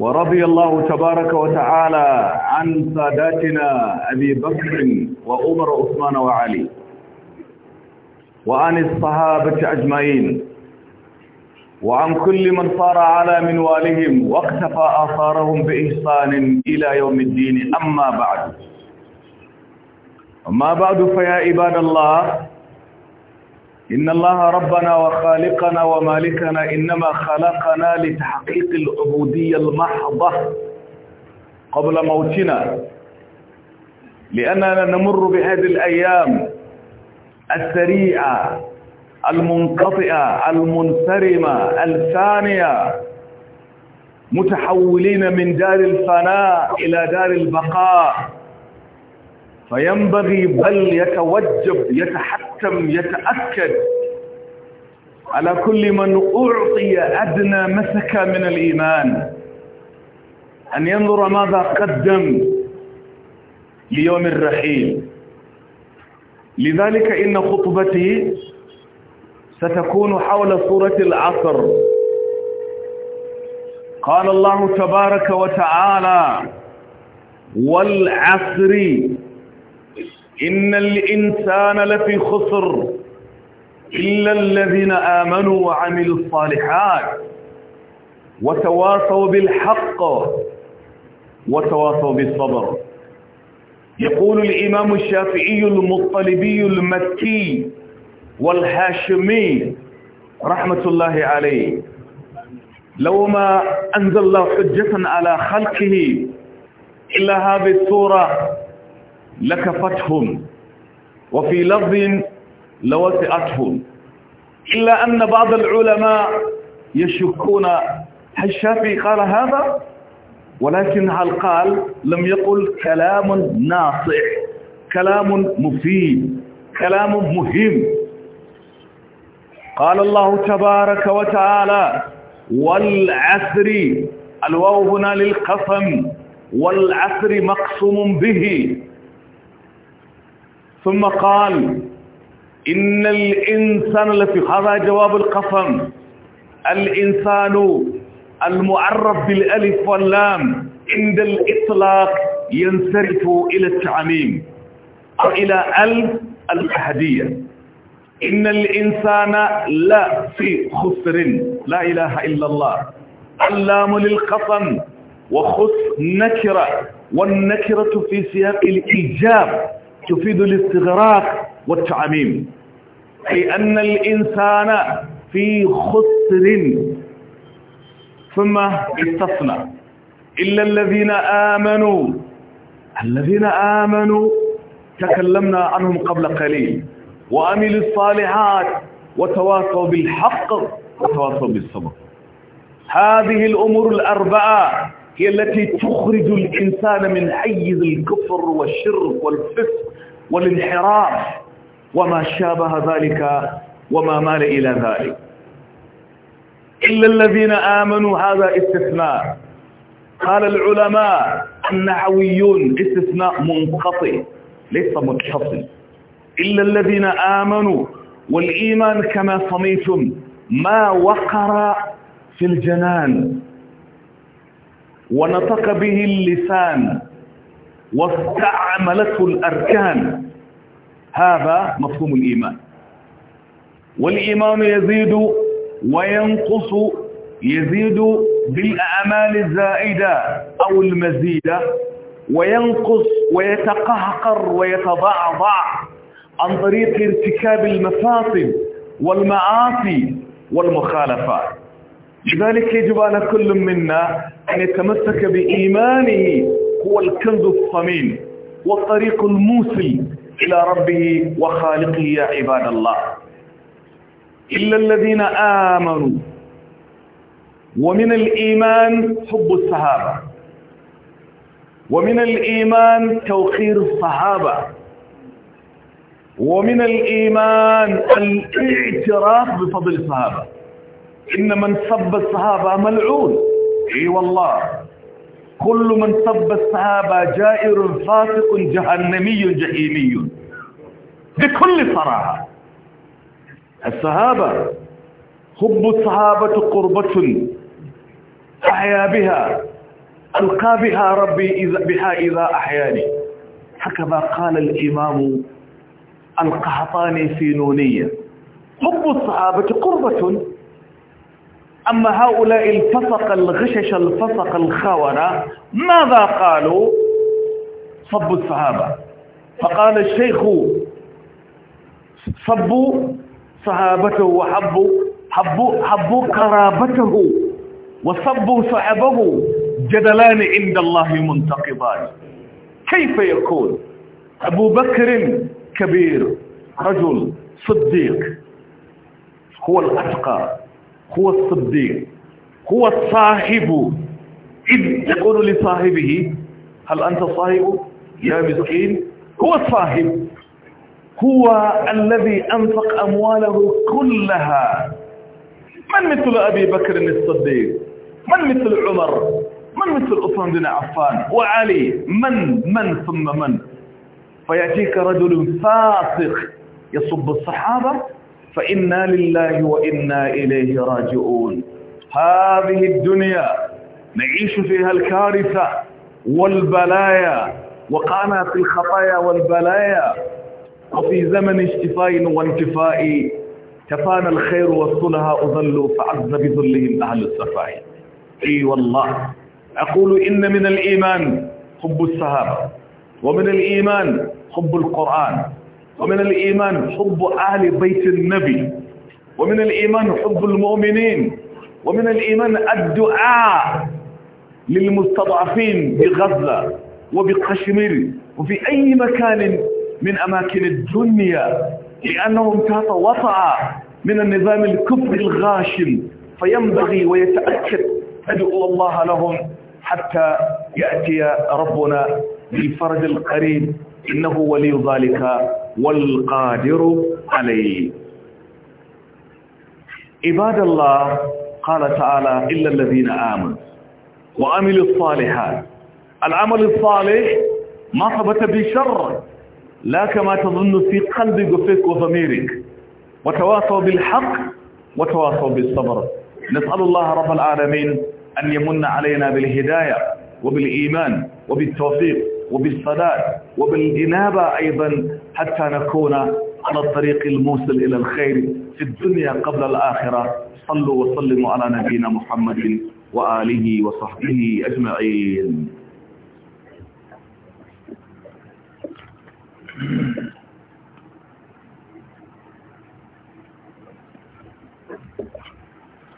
ورضي الله تبارك وتعالى عن ساداتنا أبي بكر وعمر وعثمان وعلي وعن الصحابة أجمعين وعن كل من صار على منوالهم واقتفى آثارهم بإحسان إلى يوم الدين أما بعد أما بعد فيا عباد الله إن الله ربنا وخالقنا ومالكنا إنما خلقنا لتحقيق العبودية المحضة قبل موتنا لأننا نمر بهذه الأيام السريعة المنقطعة المنسرمة الثانية متحولين من دار الفناء إلى دار البقاء فينبغي بل يتوجب يتحتم يتأكد على كل من أعطي أدنى مسكة من الإيمان أن ينظر ماذا قدم ليوم الرحيل لذلك إن خطبتي ستكون حول سورة العصر قال الله تبارك وتعالى والعصر إن الإنسان لفي خسر إلا الذين آمنوا وعملوا الصالحات وتواصوا بالحق وتواصوا بالصبر يقول الإمام الشافعي المطلبي المكي والهاشمي رحمة الله عليه لو ما أنزل الله حجة على خلقه إلا هذه السورة لكفتهم وفي لفظ لوسعتهم إلا أن بعض العلماء يشكون هل الشافعي قال هذا ولكن هل قال لم يقل كلام ناصع كلام مفيد كلام مهم قال الله تبارك وتعالى والعسر الواو هنا للقسم والعسر مقسوم به ثم قال إن الإنسان الذي هذا جواب القسم الإنسان المعرف بالألف واللام عند الإطلاق ينصرف إلى التعميم أو إلى ألف الأحدية إن الإنسان لا في خسر لا إله إلا الله اللام للقسم وخس نكرة والنكرة في سياق الإيجاب تفيد الاستغراق والتعميم أي أن الإنسان في خسر ثم استثنى إلا الذين آمنوا الذين آمنوا تكلمنا عنهم قبل قليل وعملوا الصالحات وتواصوا بالحق وتواصوا بالصبر هذه الأمور الأربعة هي التي تخرج الإنسان من حيز الكفر والشرك والفسق والانحراف وما شابه ذلك وما مال إلى ذلك إلا الذين آمنوا هذا استثناء قال العلماء النحويون استثناء منقطع ليس متصل إلا الذين آمنوا والإيمان كما صميتم ما وقر في الجنان ونطق به اللسان واستعملته الأركان هذا مفهوم الإيمان والإيمان يزيد وينقص يزيد بالأعمال الزائدة أو المزيدة وينقص ويتقهقر ويتضعضع عن طريق ارتكاب المفاصل والمعاصي والمخالفات لذلك يجب على كل منا أن يتمسك بإيمانه هو الكنز الصميم والطريق الموصل إلى ربه وخالقه يا عباد الله إلا الذين آمنوا ومن الإيمان حب الصحابة ومن الإيمان توقير الصحابة ومن الإيمان الاعتراف بفضل الصحابة إن من سب الصحابة ملعون اي والله كل من سب الصحابة جائر فاسق جهنمي جهيمي بكل صراحة الصحابة حب الصحابة قربة أحيا بها ألقى بها ربي إذا بها إذا أحياني هكذا قال الإمام القحطاني في نونية حب الصحابة قربة أما هؤلاء الفسق الغشش الفسق الخاورة ماذا قالوا صبوا الصحابة فقال الشيخ صبوا صحابته وحبوا حبوا, حبوا قرابته وصبوا صحبه جدلان عند الله منتقضان كيف يكون أبو بكر كبير رجل صديق هو الأتقى هو الصديق هو الصاحب إذ يقول لصاحبه هل أنت صاحب يا مسكين هو الصاحب هو الذي أنفق أمواله كلها من مثل أبي بكر الصديق من مثل عمر من مثل أثمان بن عفان وعلي من من ثم من فيأتيك رجل فاسق يصب الصحابة فإنا لله وإنا إليه راجعون هذه الدنيا نعيش فيها الكارثة والبلايا وقعنا في الخطايا والبلايا وفي زمن اشتفاء وانتفاء كفانا الخير والصلها أظلوا فعز بظلهم أهل الصفاء اي والله أقول إن من الإيمان حب الصحابة ومن الإيمان حب القرآن ومن الإيمان حب أهل بيت النبي ومن الإيمان حب المؤمنين ومن الإيمان الدعاء للمستضعفين بغزة وبقشمير وفي أي مكان من أماكن الدنيا لأنهم تحت من النظام الكفر الغاشم فينبغي ويتأكد أدعو الله لهم حتى يأتي ربنا بالفرج القريب إنه ولي ذلك والقادر عليه عباد الله قال تعالى إلا الذين آمنوا وعملوا الصالحات العمل الصالح ما ثبت بشر لا كما تظن في قلبك وفيك وضميرك وتواصوا بالحق وتواصوا بالصبر نسأل الله رب العالمين أن يمن علينا بالهداية وبالإيمان وبالتوفيق وبالصلاة وبالإنابة أيضا حتى نكون على الطريق الموصل إلى الخير في الدنيا قبل الآخرة صلوا وسلموا على نبينا محمد وآله وصحبه أجمعين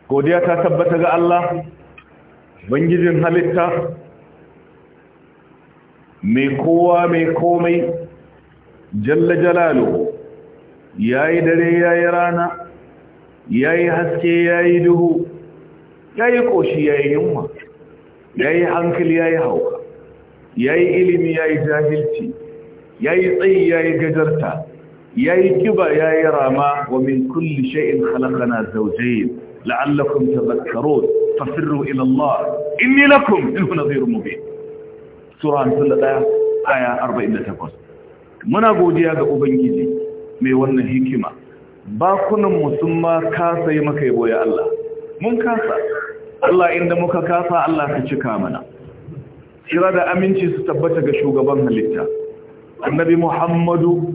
godiya ta الله بنجز Allah mai kowa mai komai jalla jalalu yayi dare yayi rana yayi haske yayi duhu yayi koshi yayi yunwa yayi hankali yayi hauka yayi ilimi yayi jahilci yayi tsayi yayi gajarta yayi kiba yayi rama wa min kulli shay'in khalaqana zawjayn la'allakum tadhakkarun fasirru ila Allah inni lakum nadhirun mubin 48 muna godiya ga ubangiji mai wannan hikima bakunan musamman kasa yi maka yabo ya Allah mun kasa Allah inda muka kasa Allah ka cika mana kira da aminci su tabbata ga shugaban halitta annabi Muhammadu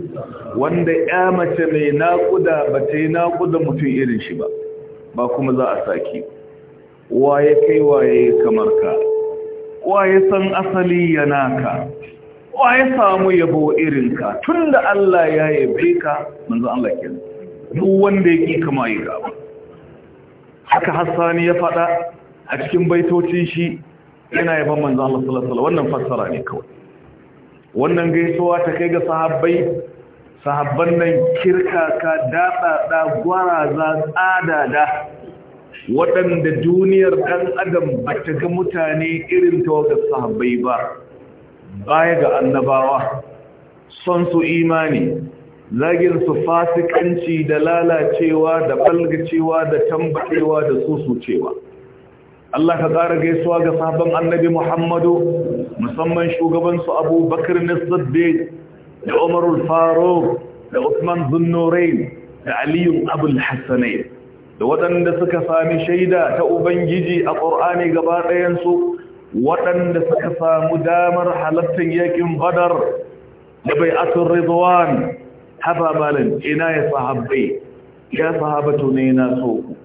wanda ya mace mai naƙuda ba ta yi naƙuda mutum irin shi ba ba kuma za a saki waye kai waye kamar ka ya san asali yana ka ya samu yabo irin ka tunda Allah ya yabe ka manzo Allah kenan duk wanda yake kama yi gaba haka Hassani ya fada a cikin baitocin shi yana yaban manzo Allah sallallahu alaihi wannan fassara ne kawai wannan gaisuwa ta kai ga sahabbai sahabban nan kirkaka dada da gwaraza tsada da waɗanda duniyar ɗan adam ba ta ga mutane irin tawagar sahabbai ba baya ga annabawa son su imani zagin su fasikanci da lalacewa da falgacewa da tambacewa da susucewa Allah ka ƙara gaisuwa ga sahabban annabi Muhammadu musamman shugabansu Abu Bakar Siddiq da Umarul Faruk da Usman Zunnurain da Aliyu Abul hassanai da waɗanda suka sami shaida ta Ubangiji a ƙor'ani gaba ɗayensu, waɗanda suka samu damar halattun yakin badar da bai atun rizwan haɓa malin ina ya sahabbai ya sahabatu ne na so ku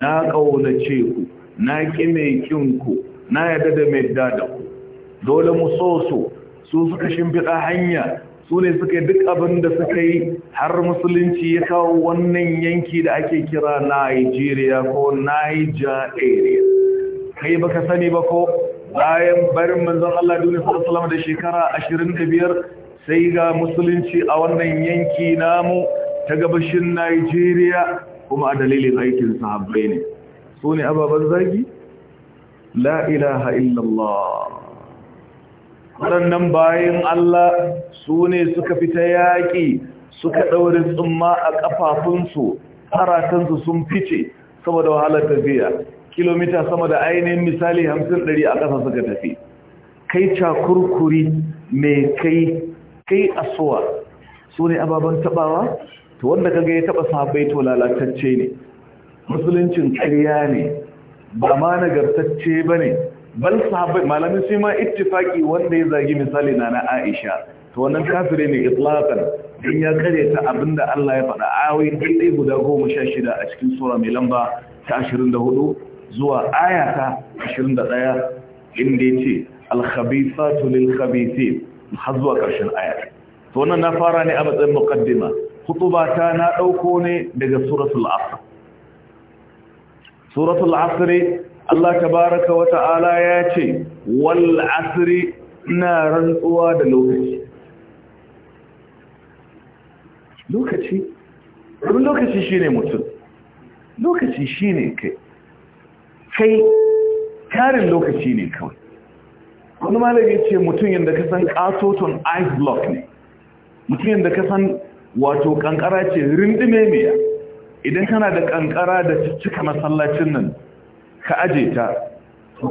na ƙaunace ku na ƙi mai ku na yadda da mai dada ku dole mu so su su suka shimfiɗa hanya su ne suka duk abin da suka yi har musulunci ya kawo wannan yanki da ake kira Nigeria ko Niger area. Kai ba ka sani ba ko bayan barin manzon Allah duniya sallallahu da shekara ashirin da biyar sai ga musulunci a wannan yanki namu ta gabashin Nigeria kuma a dalilin aikin sahabbai ne. Su ne ababen zagi? La ilaha illallah. waɗannan bayan Allah su ne suka fita yaƙi suka ɗaure tsumma a ƙafafunsu haratansu sun fice saboda wahalar tafiya kilomita sama da ainihin misali hamsin ɗari a ƙasa suka tafi kai cakurkuri mai kai kai asuwa su ne ababen taɓawa Ta wanda kaga ya taɓa sabai to lalatacce ne musuluncin ƙarya ne ba ma nagartacce ba ne bal sahabbai malamin sai ma ittifaki wanda ya zagi misali na na Aisha to wannan kafire ne itlaqan din ya kare ta abinda Allah ya faɗa ayoyin daidai guda 16 a cikin sura mai lamba ta 24 zuwa aya ta 21 inda yace al-khabithatu lil-khabithin har zuwa ƙarshen aya to wannan na fara ne a matsayin muqaddima ta na dauko ne daga suratul asr suratul asr Allah tabaraka wa ta'ala ya ce wal asri na rantsuwa da lokaci lokaci abin lokaci shine mutum lokaci shine kai kai karin lokaci ne kawai wani malami ce mutum yadda ka san ƙasoton ice block ne mutum yadda ka san wato kankara ce rindime ya? idan kana da kankara da cika masallacin nan ka aje ta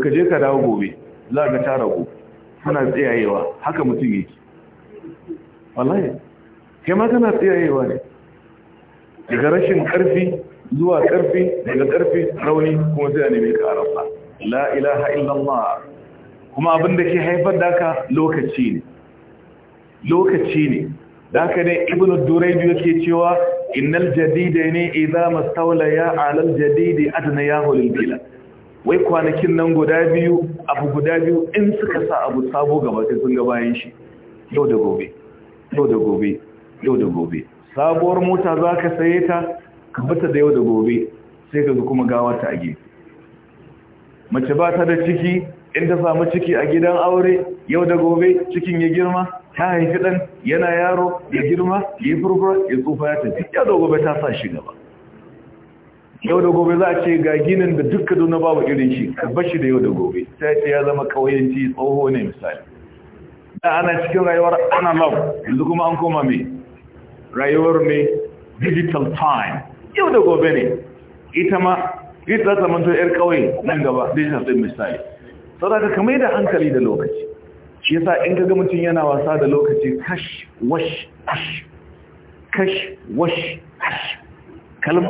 ka je ka dawo gobe za ka ta rago kana tsayayewa haka mutum yake wallahi kai ma kana tsayayewa ne daga rashin karfi zuwa karfi daga karfi rauni kuma sai a nemi ka arafa la ilaha illallah kuma abin da ke haifar da ka lokaci ne lokaci ne da haka ne ibn duraydu yake cewa innal jadida ne idza mastawla ya alal jadidi adna yahu lil wai kwanakin nan guda biyu abu guda biyu in suka sa abu sabo gaba sun ga bayan shi yau da gobe yau da gobe yau da gobe sabuwar mota za ka saye ta ka bata da yau da gobe sai ka kuma gawar ta a gefe mace ba ta da ciki in ta samu ciki a gidan aure yau da gobe cikin ya girma ta haifi ɗan yana yaro ya girma ya yi furfura ya tsufa ya tafi yau da gobe ta sa shi gaba yau da gobe za a ce ga ginin da duk kaduna babu irin shi ka bashi da yau da gobe sai ce ya zama kauyanci tsoho ne misali da ana cikin rayuwar analog yanzu kuma an koma mai rayuwar mai digital time yau da gobe ne ita ma ita za ta manto yar kawai nan gaba digital time misali sadaka ka da hankali da lokaci shi yasa in ka ga mutum yana wasa da lokaci kash wash kash wash kash. kalmar